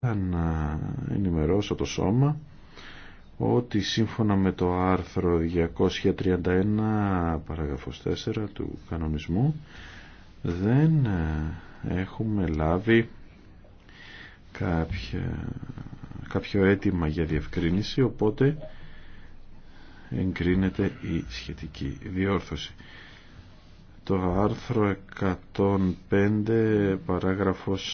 Θα να ενημερώσω το σώμα ότι σύμφωνα με το άρθρο 231 παραγραφός 4 του κανονισμού δεν ε, έχουμε λάβει κάποιο αίτημα για διευκρίνηση οπότε εγκρίνεται η σχετική διόρθωση. Το άρθρο 105 παράγραφος